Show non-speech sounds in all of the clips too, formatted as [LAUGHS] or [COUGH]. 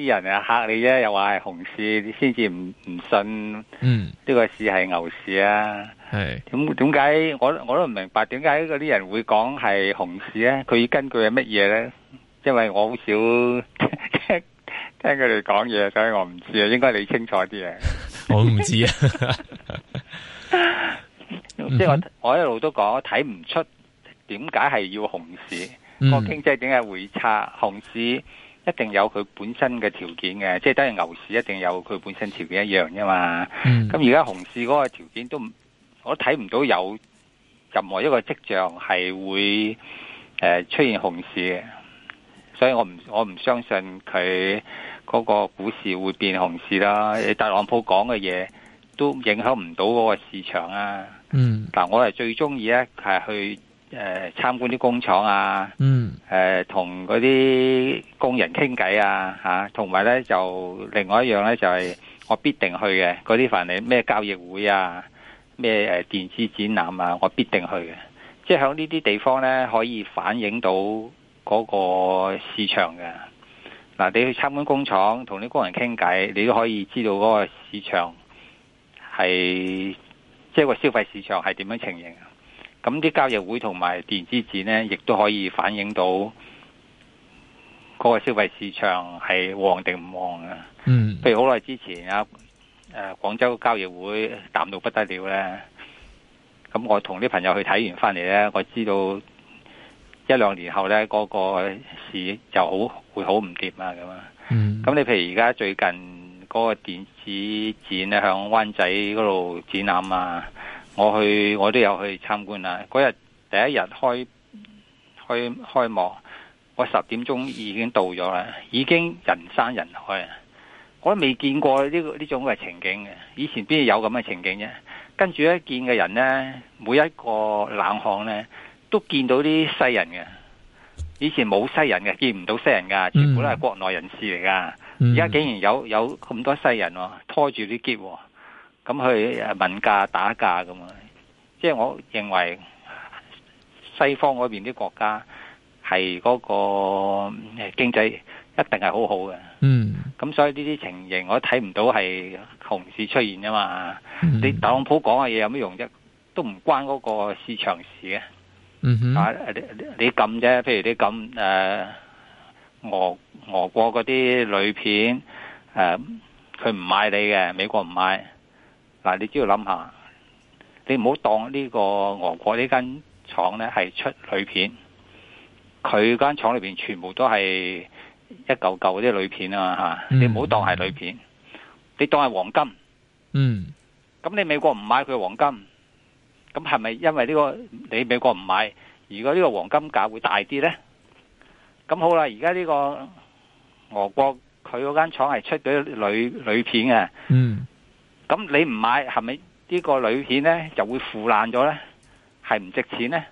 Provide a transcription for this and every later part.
啲人又嚇你啫，又話係熊市，你先至唔唔信呢、嗯、個市係牛市啊？係咁，點解我我都唔明白點解嗰啲人會講係熊市咧？佢根據係乜嘢咧？因為我好少 [LAUGHS] 聽聽佢哋講嘢，所以我唔知啊。應該你清楚啲嘅 [LAUGHS] [LAUGHS] ，我唔知啊。即係我我一路都講睇唔出點解係要熊市，嗯、我傾即係，點解回拆熊市。一定有佢本身嘅條件嘅，即係等於牛市一定有佢本身條件一樣啫嘛。咁而家熊市嗰個條件都，唔，我睇唔到有任何一個跡象係會誒出現熊市嘅。所以我唔我唔相信佢嗰個股市會變熊市啦。特朗普講嘅嘢都影響唔到嗰個市場啊。嗱，mm，我係最中意咧，係去。誒，參、呃、觀啲工廠啊，誒、呃，同嗰啲工人傾偈啊，吓、啊，同埋咧就另外一樣咧就係、是、我必定去嘅，嗰啲凡係咩交易會啊，咩誒電子展覽啊，我必定去嘅，即係喺呢啲地方咧可以反映到嗰個市場嘅。嗱，你去參觀工廠，同啲工人傾偈，你都可以知道嗰個市場係即係個消費市場係點樣情形。咁啲交易會同埋電子展呢，亦都可以反映到嗰個消費市場係旺定唔旺、mm. 啊！嗯，譬如好耐之前啊，誒，廣州交易會淡到不得了呢。咁我同啲朋友去睇完翻嚟呢，我知道一兩年後呢，嗰、嗰個市就好會好唔掂啊！咁啊，咁、mm. 你譬如而家最近嗰個電子展呢，響灣仔嗰度展覽啊。我去我都有去參觀啦。嗰日第一日開開開幕，我十點鐘已經到咗啦，已經人山人海啊！我都未見過呢、這、呢、個、種嘅情景嘅，以前邊有咁嘅情景啫？跟住一見嘅人呢，每一個冷巷呢，都見到啲西人嘅，以前冇西人嘅，見唔到西人噶，全部都係國內人士嚟噶。而家竟然有有咁多西人喎，哦，拖住啲喼喎。咁去問價打價咁嘛，即係我認為西方嗰邊啲國家係嗰個經濟一定係好好嘅。嗯，咁所以呢啲情形我睇唔到係熊市出現啫嘛。嗯、你特朗普講嘅嘢有咩用啫？都唔關嗰個市場事嘅。嗯哼、啊、你撳啫，譬如你撳誒、呃、俄俄國嗰啲鋁片誒，佢、呃、唔買你嘅，美國唔買。嗱，你只要諗下，你唔好當呢個俄國呢間廠咧係出鋁片，佢間廠裏邊全部都係一嚿嚿嗰啲鋁片啊！吓，嗯，你唔好當係鋁片，你當係黃金。嗯，咁你美國唔買佢黃金，咁係咪因為呢個你美國唔買？如果呢個黃金價會大啲咧？咁好啦，而家呢個俄國佢嗰間廠係出咗鋁鋁片嘅。嗯。咁你唔買係咪呢個鋁片咧就會腐爛咗咧？係唔值錢咧？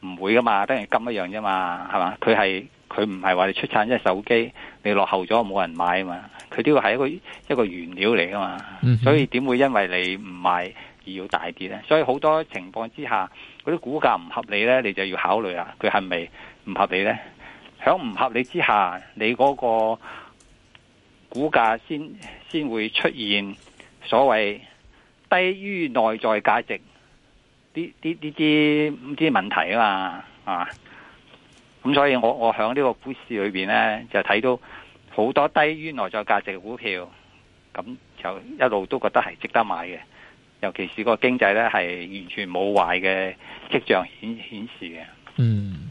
唔會噶嘛，當然金一樣啫嘛，係嘛？佢係佢唔係話你出產隻手機，你落後咗冇人買啊嘛？佢都要係一個一個原料嚟噶嘛，所以點會因為你唔買而要大跌咧？所以好多情況之下，嗰啲股價唔合理咧，你就要考慮啦，佢係咪唔合理咧？響唔合理之下，你嗰個股價先先會出現。所謂低於內在價值，啲啲啲啲唔知問題啊嘛，咁、啊、所以我我響呢個股市裏邊呢，就睇到好多低於內在價值嘅股票，咁就一路都覺得係值得買嘅，尤其是個經濟呢，係完全冇壞嘅跡象顯顯示嘅。嗯。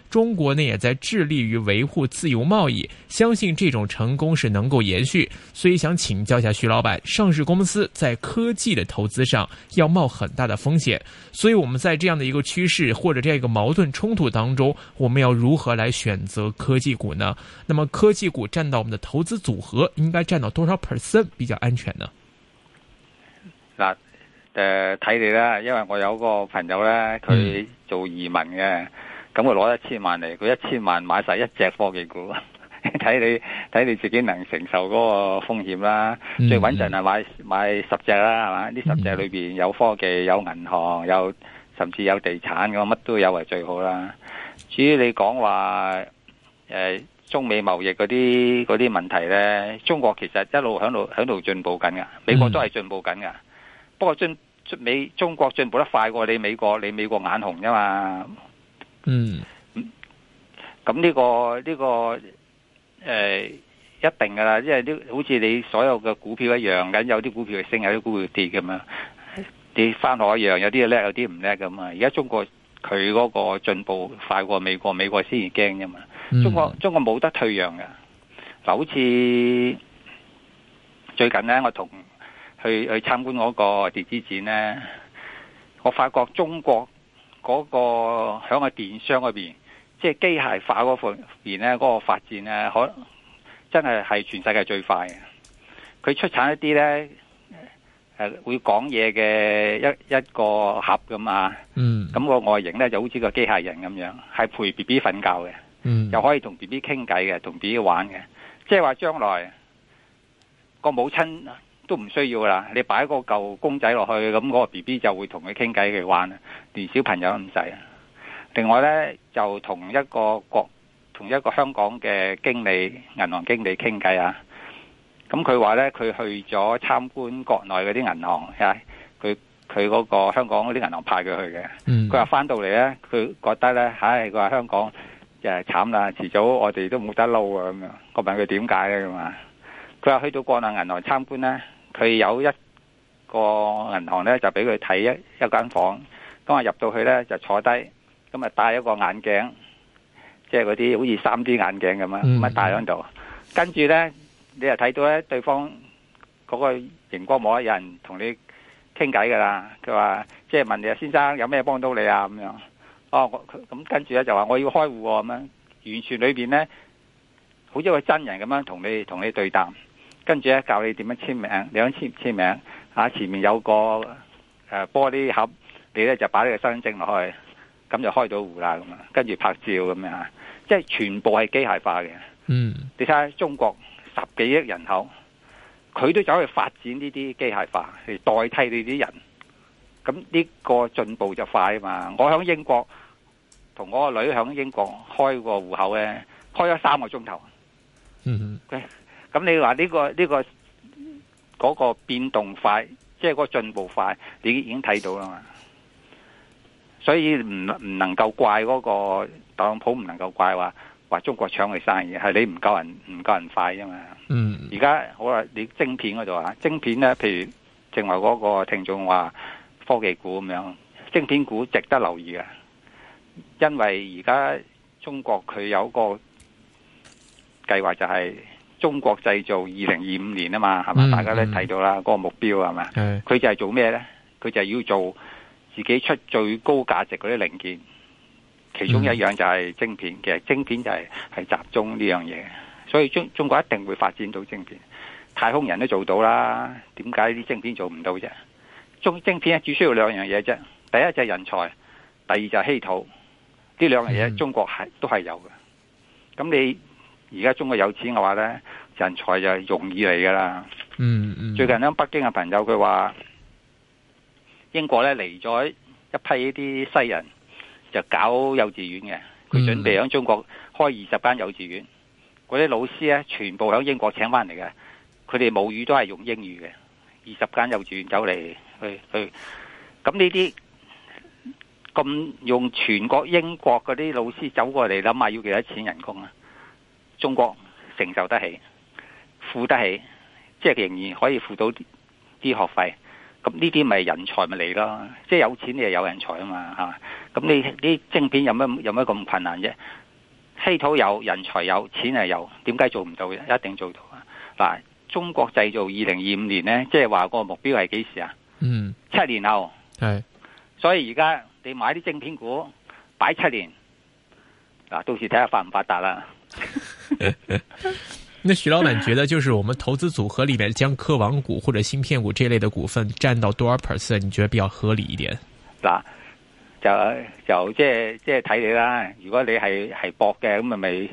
中國呢也在致力於維護自由貿易，相信這種成功是能夠延續。所以想請教一下徐老闆，上市公司在科技的投資上要冒很大的風險，所以我們在這樣的一個趨勢或者這樣一個矛盾衝突當中，我們要如何來選擇科技股呢？那麼科技股佔到我們的投資組合應該佔到多少 percent 比較安全呢？嗱、嗯，呃睇你啦，因為我有個朋友呢，佢做移民嘅。咁會攞一千萬嚟，佢一千萬買晒一隻科技股，睇 [LAUGHS] 你睇你自己能承受嗰個風險啦。嗯、最穩陣係買買十隻啦，係嘛？啲、嗯、十隻裏面有科技、有銀行、有甚至有地產，咁乜都有為最好啦。至於你講話、呃、中美貿易嗰啲嗰啲問題呢，中國其實一路喺度喺度進步緊㗎，美國都係進步緊㗎。嗯、不過美中國進步得快過你美國，你美國眼紅啫嘛。嗯，咁呢個呢個誒，一定噶啦，因為呢好似你所有嘅股票一樣，咁有啲股票係升，有啲股票跌咁樣。你翻落一樣，有啲叻，有啲唔叻噶嘛。而家中國佢嗰個進步快過美國，美國先至驚啫嘛。中國中國冇得退讓噶。嗱，好似最近咧，我同去去參觀嗰個電子展咧，我發覺中國。嗰個響個電商嗰邊，即係機械化嗰方面咧，嗰、嗰個發展咧，可真係係全世界最快嘅。佢出產一啲咧，係、呃、會講嘢嘅一一個盒噶啊。嗯，咁個外形咧就好似個機械人咁樣，係陪 B B 瞓覺嘅，又、嗯、可以同 B B 傾偈嘅，同 B B 玩嘅。即係話將來個母親。都唔需要噶啦，你擺個舊公仔落去，咁、嗯、嗰、嗰個 B B 就會同佢傾偈嚟玩，連小朋友都唔使。另外呢，就同一個國同一個香港嘅經理、銀行經理傾偈啊。咁佢話呢，佢去咗參觀國內嗰啲銀行，佢佢嗰個香港嗰啲銀行派佢去嘅。佢話翻到嚟呢，佢覺得呢，唉、哎，佢話香港誒慘啦，遲早我哋都冇得撈啊咁樣。我問佢點解啊？佢話去到國內銀行參觀呢。佢有一個銀行咧，就俾佢睇一一間房。咁我入到去咧，就坐低，咁啊戴一個眼鏡，即係嗰啲好似三 D 眼鏡咁啊，咁啊戴喺度。嗯、跟住咧，你又睇到咧對方嗰個熒光幕有人同你傾偈噶啦。佢話即係問你啊先生有咩幫到你啊咁樣。哦、啊，咁跟住咧就話我要開戶咁、啊、樣。完全裏邊咧，好似個真人咁樣同你同你對談。跟住咧教你點樣簽名，你想簽唔簽名？啊，前面有個誒玻璃盒，你咧就擺呢個身份證落去，咁就開到戶啦，咁跟住拍照咁樣，即係全部係機械化嘅。嗯，你睇下中國十幾億人口，佢都走去發展呢啲機械化，代替你啲人。咁、這、呢個進步就快啊嘛！我響英國同我個女響英國開個戶口咧，開咗三個鐘頭。嗯哼咁你話呢個呢個嗰個變動快，即係嗰個進步快，你已經睇到啦嘛。所以唔唔能夠怪嗰個特朗普，唔能夠怪話話中國搶佢生意，係你唔夠人唔夠人快啫嘛。嗯。而家好啦，你晶片嗰度啊，晶片咧，譬如正話嗰個聽眾話科技股咁樣，晶片股值得留意嘅，因為而家中國佢有個計劃就係。中國製造二零二五年啊嘛，係嘛、嗯？大家都睇到啦，嗰、嗯、個目標係嘛？佢是就係做咩呢？佢就係要做自己出最高價值嗰啲零件，其中一樣就係晶片。嗯、其實晶片就係、是、係集中呢樣嘢，所以中中國一定會發展到晶片。太空人都做到啦，點解啲晶片做唔到啫？中晶片只需要兩樣嘢啫，第一就係人才，第二就係稀土。呢兩樣嘢中國係、嗯、都係有嘅，咁你。而家中國有錢嘅話呢，人才就容易嚟噶啦。嗯嗯。最近咧，北京嘅朋友佢話，英國咧嚟咗一批呢啲西人，就搞幼稚園嘅。佢準備喺中國開二十間幼稚園，嗰啲、嗯、老師咧全部喺英國請翻嚟嘅，佢哋母語都係用英語嘅。二十間幼稚園走嚟去去，咁呢啲咁用全國英國嗰啲老師走過嚟，諗下要幾多錢人工啊？中國承受得起，付得起，即係仍然可以付到啲學費。咁呢啲咪人才咪嚟咯即係有錢你又有人才嘛，啊嘛吓。咁你啲晶片，有乜有咩咁困難啫？稀土有，人才有，錢係有，點解做唔到？一定做到啊！嗱，中國製造二零二五年呢，即係話個目標係幾時啊？嗯，七年後係。是所以而家你買啲晶片股，擺七年嗱，啊，到時睇下發唔發達啦。 [LAUGHS] 那徐老闆覺得，就是我們投資組合裏面將科網股或者芯片股這類的股份佔到多少 percent，你覺得比較合理一點？嗱，就就即係即係睇你啦，如果你係係搏嘅，咁咪咪。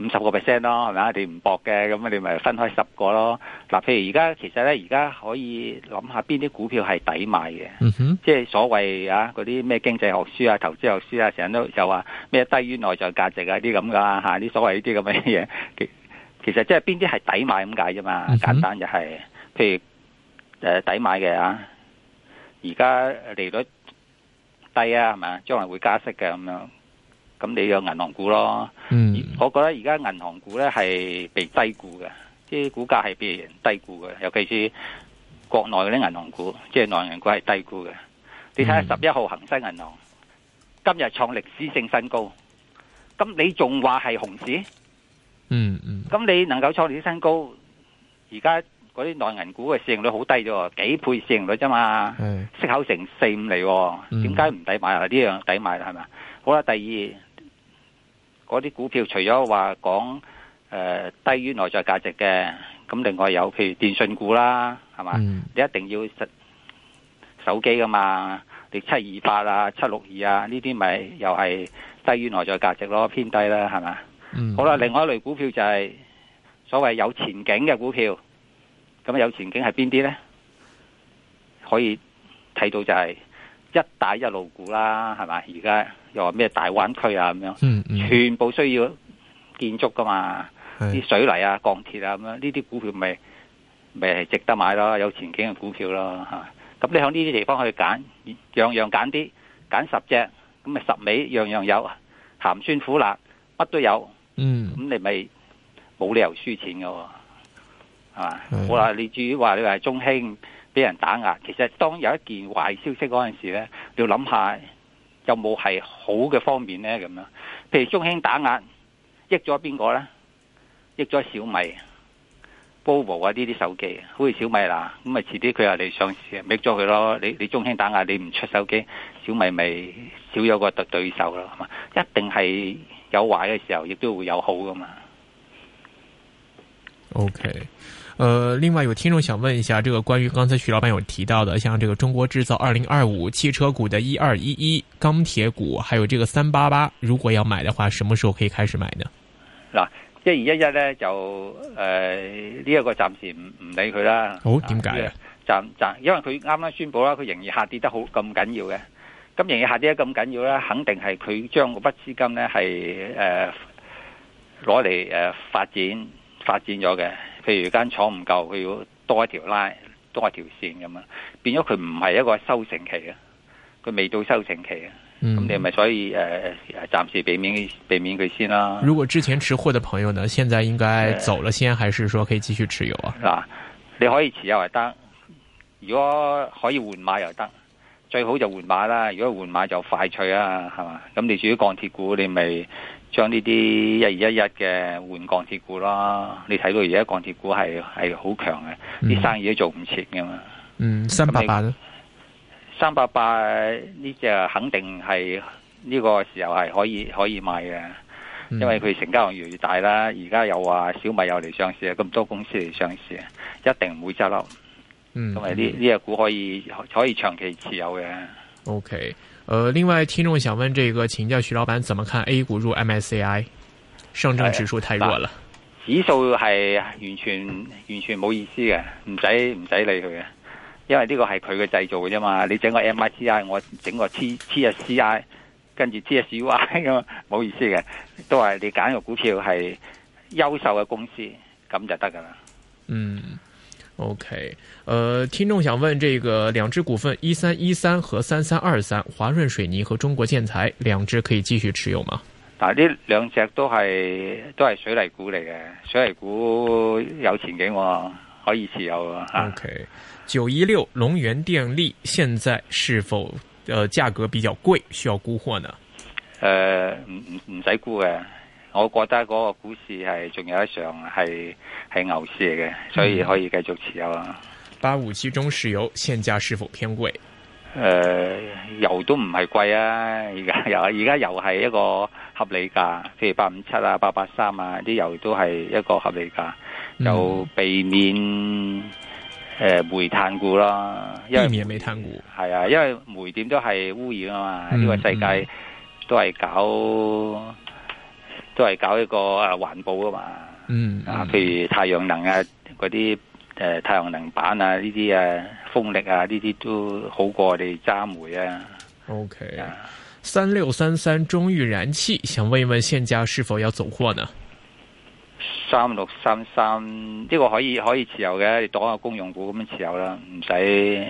五十個 percent 咯，係咪啊？你唔搏嘅，咁你咪分開十個咯。嗱、啊，譬如而家其實咧，而家可以諗下邊啲股票係抵買嘅，mm hmm. 即係所謂啊嗰啲咩經濟學書啊、投資學書啊，成日都就話咩低於內在價值啊啲咁噶吓，啲、啊啊、所謂呢啲咁嘅嘢。其實即係邊啲係抵買咁解啫嘛，mm hmm. 簡單就係、是，譬如誒、呃、抵買嘅啊，而家利率低啊，係咪啊？將來會加息嘅咁樣。咁你有銀行股咯？嗯，我覺得而家銀行股咧係被低估嘅，即係股價係被人低估嘅，尤其是國內嗰啲銀行股，即係內銀股係低估嘅。你睇下十一號恒生銀行今日創歷史性新高，咁你仲話係熊市？嗯嗯。咁你能夠創歷史新高，而家嗰啲內銀股嘅市盈率好低啫，幾倍市盈率啫嘛？嗯。息口成四五釐，點解唔抵買啊？呢樣抵買啦，係咪？好啦，第二。嗰啲股票除咗話講誒低於內在價值嘅，咁另外有譬如電訊股啦，係嘛？嗯、你一定要使手機噶嘛？你七二八啊、七六二啊呢啲咪又係低於內在價值咯，偏低啦，係嘛？嗯、好啦，另外一類股票就係所謂有前景嘅股票，咁有前景係邊啲呢？可以睇到就係一帶一路股啦，係咪？而家。又話咩大灣區啊咁樣，全部需要建築噶嘛，啲水泥啊、鋼鐵啊咁樣，呢啲股票咪咪係值得買咯，有前景嘅股票咯嚇。咁你喺呢啲地方去揀，樣樣揀啲，揀十隻，咁咪十味樣樣有，鹹酸苦辣乜都有。嗯，咁你咪冇理由輸錢嘅喎，係嘛？好啦，你至於話你話係中興俾人打壓，其實當有一件壞消息嗰陣時咧，你要諗下，有冇係好嘅方面呢？咁樣，譬如中興打壓，益咗邊個呢？益咗小米、BOBO 啊，呢啲手機，好似小米啦，咁咪遲啲佢又嚟上市，益咗佢咯。你你中興打壓，你唔出手機，小米咪少有個特對手咯。咁啊，一定係有壞嘅時候，亦都會有好噶嘛。OK。呃，另外有聽眾想問一下，這個關於剛才徐老闆有提到的，像這個中國製造二零二五汽車股的一二一一鋼鐵股，還有這個三八八，如果要買的話，什麼時候可以開始買呢？嗱、啊，一二一一呢就誒呢一個暫時唔唔理佢啦。好、哦，點解啊？暫暫，因為佢啱啱宣布啦，佢仍然下跌得好咁緊要嘅，咁仍然下跌得咁緊要咧，肯定係佢將嗰筆資金咧係誒攞嚟誒發展發展咗嘅。譬如間廠唔夠，佢要多一條拉，多一條線咁啊，變咗佢唔係一個收成期啊，佢未到收成期啊，咁、嗯、你咪所以誒，暫、呃、時避免避免佢先啦、啊。如果之前持貨嘅朋友呢，現在應該走了先，是還是說可以繼續持有啊？嗱，你可以持有係得，如果可以換馬又得，最好就換馬啦。如果換馬就快脆啊，係嘛？咁你至於鋼鐵股，你咪。將呢啲一二一一嘅換鋼鐵股啦，你睇到而家鋼鐵股係係好強嘅，啲、嗯、生意都做唔切㗎嘛。嗯，三百八咯，三百八呢隻肯定係呢個時候係可以可以買嘅，嗯、因為佢成交量越嚟越大啦。而家又話小米又嚟上市啊，咁多公司嚟上市啊，一定唔會執笠。嗯，同埋呢呢隻股可以可以長期持有嘅。O K。呃，另外聽眾想問這個，請教徐老闆怎麼看 A 股入 MSCI？上證指數太弱了，啊，指數係完全完全冇意思嘅，唔使唔使理佢嘅，因為呢個係佢嘅製造嘅啫嘛。你整個 MSCI，我整個 T T A C I，跟住 T S U I 咁，冇意思嘅，都係你揀個股票係優秀嘅公司咁就得噶啦。嗯。O.K.，呃，聽眾想問，這個兩隻股份一三一三和三三二三，華潤水泥和中國建材，兩隻可以繼續持有嗎？嗱，呢兩隻都係都係水泥股嚟嘅，水泥股有前景喎，可以持有。啊 O.K.，九一六龍源電力現在是否，呃，價格比較貴，需要沽貨呢？誒、呃，唔唔唔使沽嘅。我覺得嗰個股市係仲有一場係係牛市嚟嘅，所以可以繼續持有啊、嗯。八五七中石油現價是否偏貴？誒、呃，油都唔係貴啊，而家油而家油係一個合理價，譬如八五七啊、八八三啊，啲油都係一個合理價，又後避免誒、呃、煤炭股啦，因為避免煤炭股係啊，因為煤點都係污染啊嘛，呢、嗯、個世界都係搞。都係搞一個誒環保啊嘛，嗯，嗯啊，譬如太陽能啊，嗰啲誒太陽能板啊，呢啲啊，風力啊，呢啲都好過我哋揸煤啊。OK，三六三三中裕燃氣，想問一問現價是否要走貨呢？三六三三呢個可以可以持有嘅，你當個公用股咁樣持有啦，唔使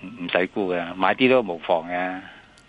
唔唔使沽嘅，買啲都無妨嘅。